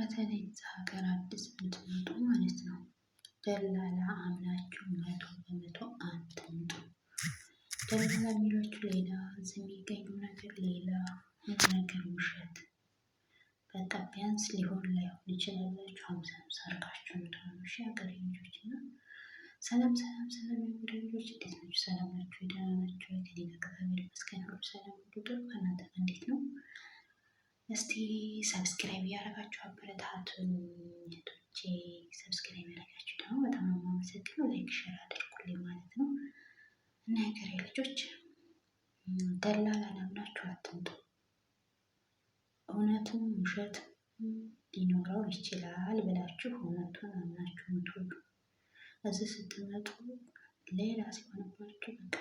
በተለይ እዛ ሀገር አዲስ የምትመጡ ማለት ነው ደላላ አምናችሁ መቶ በመቶ አትምጡ። ደላላ የሚሏችሁ ሌላ፣ እዚህ የሚገኙ ነገር ሌላ፣ ምን ነገር ውሸት። በቃ ቢያንስ ሊሆን ላይሆን ይችላላችሁ። ሀምሳ ሀምሳ አርጋችሁ የምትሆኑ ሺ ሀገር ልጆች እና ሰላም ሰላም ሰላም የምትወዱ ልጆች እንዴት ናችሁ? ሰላም ናችሁ? ደህና ናችሁ? ከኔ ጋር እግዚአብሔር ይመስገን ሁሉ ሰላም ሁሉ ጥሩ። ከእናንተ ጋር እንዴት ነው? እስቲ ሰብስክራይብ እያደረጋችሁ አበረታቱኝ። ቶቼ ሰብስክራይብ ያደረጋችሁ ደግሞ በጣም የማመሰግነው። ላይክ ሸር አድርጉልኝ ማለት ነው እና የሀገሬ ልጆች ደላላ ለምናችሁ አትምጡ። እውነትም ውሸት ሊኖረው ይችላል ብላችሁ እውነቱን አምናችሁ ምትወዱ እዚህ ስትመጡ ሌላ ሲሆንባችሁ በቃ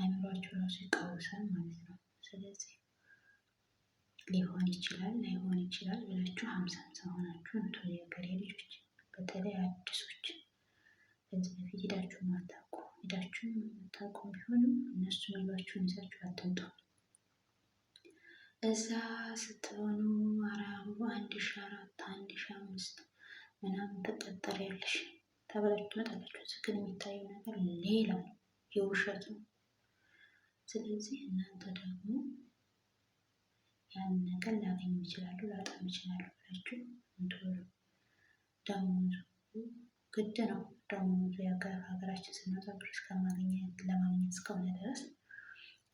አይምሯችሁ ራሱ ይቃወሳል ማለት ነው። ስለዚህ ሊሆን ይችላል ላይሆን ይችላል ብላችሁ ሀምሳ ሀምሳ ሆናችሁ እንትን የሀገሬ ልጆች በተለይ አዲሶች በዚህ በፊት ሂዳችሁ ማታውቁ ሂዳችሁ ማታውቁ ቢሆንም እነሱ ሚሏችሁን ይዛችሁ አትምጡ። እዛ ስትሆኑ አራቡ አንድ ሺ አራት አንድ ሺ አምስት ምናምን ተጠጠር ያለሽ ተብላችሁ ትመጣላችሁ። ስክል የሚታየው ነገር ሌላ ነው፣ የውሸት ነው። ስለዚህ እናንተ ደግሞ ያን ነገር ላገኙ ይችላሉ፣ ላጣም ይችላሉ ብላችሁ እንትሆኑ ደሞዙ ግድ ነው። ደሞዙ ሀገራችን ስንወጣ ብር ለማግኘት እስከሆነ ድረስ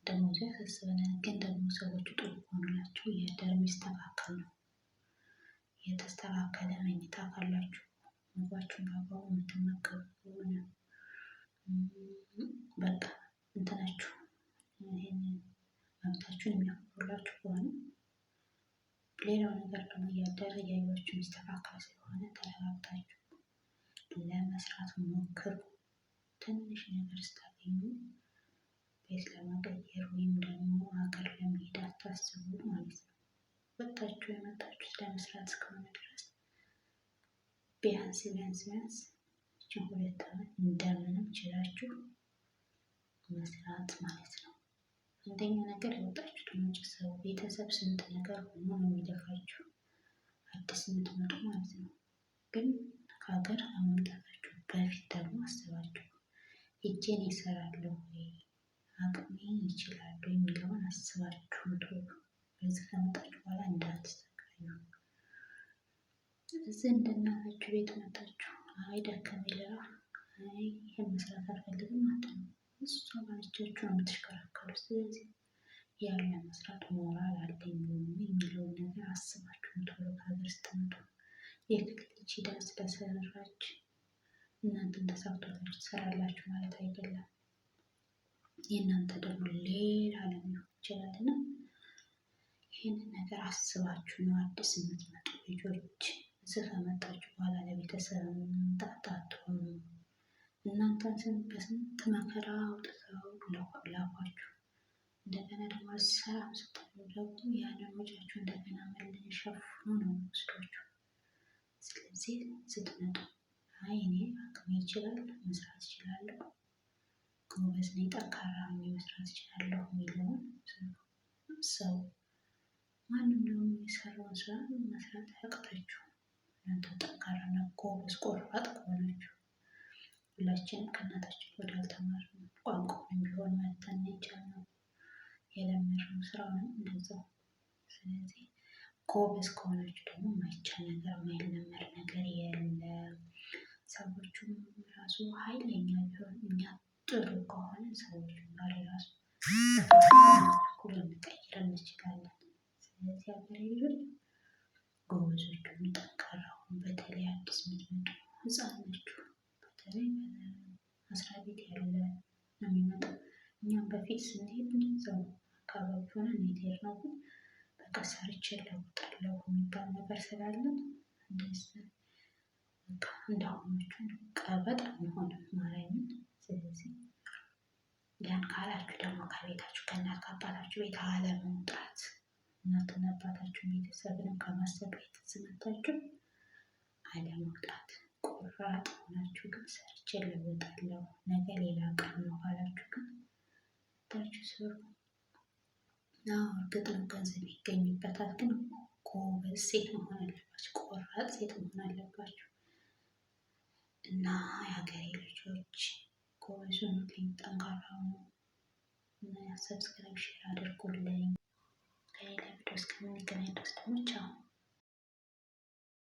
ደሞዙ ያሳስበናል። ግን ደግሞ ሰዎቹ ጥሩ ከሆኑላችሁ የደር የሚስተካከል ነው። የተስተካከለ መኝታ ካላችሁ ምግባችሁን በአግባቡ የምትመገቡ ከሆነ በቃ እንትናችሁ ይህንን መብታችሁን የሚያከብሩላችሁ ከሆነ ሌላው ነገር ደግሞ እያደረ ያዩችሁ የሚስተካከል ስለሆነ ተረጋግታችሁ ለመስራት ሞክሩ። ትንሽ ነገር ስታገኙ ቤት ለመቀየር ወይም ደግሞ ሀገር ለመሄድ አታስቡ ማለት ነው። ወጥታችሁ የመጣችሁት ለመስራት እስከሆነ ድረስ ቢያንስ ቢያንስ ቢያንስ ይችን ሁለት ዓመት እንደምንም ችላችሁ መስራት ማለት ነው። አንደኛ ነገር የወጣችሁት ቤተሰብ ቤተሰብ ስንት ነገር ሆኖ ነው የሚደፋችሁ አዲስ የምትመጡ ማለት ነው። ግን ከሀገር ከመምጣታችሁ በፊት ደግሞ አስባችሁ እጄን ይሰራለሁ ወይ አቅሜ ይችላል የሚለውን አስባችሁ ቶሎ እዚህ ከመጣችሁ በኋላ እንዳትሰቃዩ። እዚህ እንደናታችሁ ቤት መጣችሁ አይ ደከመኝ ልራ አይ ይህን መስራት አልፈልግም አትሉ። እሷ ባልቻችሁ ነው የምትሽከረከሩ። ስለዚህ ያን ለመስራት ሞራል አለኝ የሚለውን ነገር አስባችሁ ቶሎ ከሀገር ስትመጡ የክል ልጅ ሂዳ ስለሰራች እናንተ ተሳክቶላችሁ ትሰራላችሁ ማለት አይደለም። የእናንተ ደግሞ ሌላ ዓለም ሊሆን ይችላል እና ይህን ነገር አስባችሁ ነው አዲስ የምትመጡ ልጆች። ስለ መጣችሁ በኋላ ለቤተሰብ ጣጣ አትሆኑ። እናንተን ስንት በስንት መከራ አውጥተው ላኳችሁ። እንደገና ደግሞ ሰላም ስታደርጉ ያንን ወጪያችሁ እንደገና መልሰው ሸፍኑ ነው የሚወስዷችሁ። ስለዚህ ስትመጡ አይ እኔ አቅም ይችላል መስራት ይችላለሁ፣ ጎበዝ ነኝ፣ ጠንካራ መስራት ይችላለሁ የሚለውን ሰው ማንኛውም የሰራውን ስራ መስራት አያቅታችሁም። እናንተ ጠንካራና ጎበዝ ቆራጥ ከሆናችሁ ሁላችንም ከእናታችን ወደ አልተማርነው ቋንቋውን ቢሆን መተን የቻልነው የለመድነው ስራውንም እንደዛው። ስለዚህ ጎበዝ ከሆናችሁ ደግሞ ማይቻል ነገር ማይለመድ ነገር የለም። ሰዎቹም ራሱ ኃይለኛ ቢሆን እኛ ጥሩ ከሆነ ሰዎች ጋር ራሱ ሁሉ ልንቀይር እንችላለን። ስለዚህ ሀገሬ ልጆች ጎበዞች ሁኑ፣ ጠንካራ ሁኑ። በተለይ አዲስ የሚመጡ ህፃኖች ነው የሚመጣው። እኛም በፊት ስንሄድ እዛው አካባቢ ሆነ ሚሄድ ነው ግን በቃ ሰርቼ ለውጣለሁ የሚባል ነገር ስላለ እንዳሁኖቹ ቀበጥ አንሆንም ማርያምን። ስለዚህ ያን ካላችሁ ደግሞ ከቤታችሁ ከእናት ከአባታችሁ ቤት አለመውጣት እናትና አባታችሁን ቤተሰብንም ከማሰብ ቤት ስመታችሁ አለመውጣት ቆራ ሆናችሁ ግን ሰርቼ እለወጣለሁ፣ ነገ ሌላ ቀን ነው ካላችሁ ግን ታችሁ ስሩ። እርግጥ ነው ገንዘብ ይገኝበታል፣ ግን ጎበዝ ሴት መሆን አለባችሁ፣ ቆራጥ ሴት መሆን አለባችሁ። እና የሀገሬ ልጆች ጎበዝ ሁኑልኝ፣ ጠንካራ ሁኑ። ሰብስክራይብ ሼር አድርጉልኝ። ከሌላ ቪዲዮ እስከምንገናኝ ድረስ ደግሞ ቻው።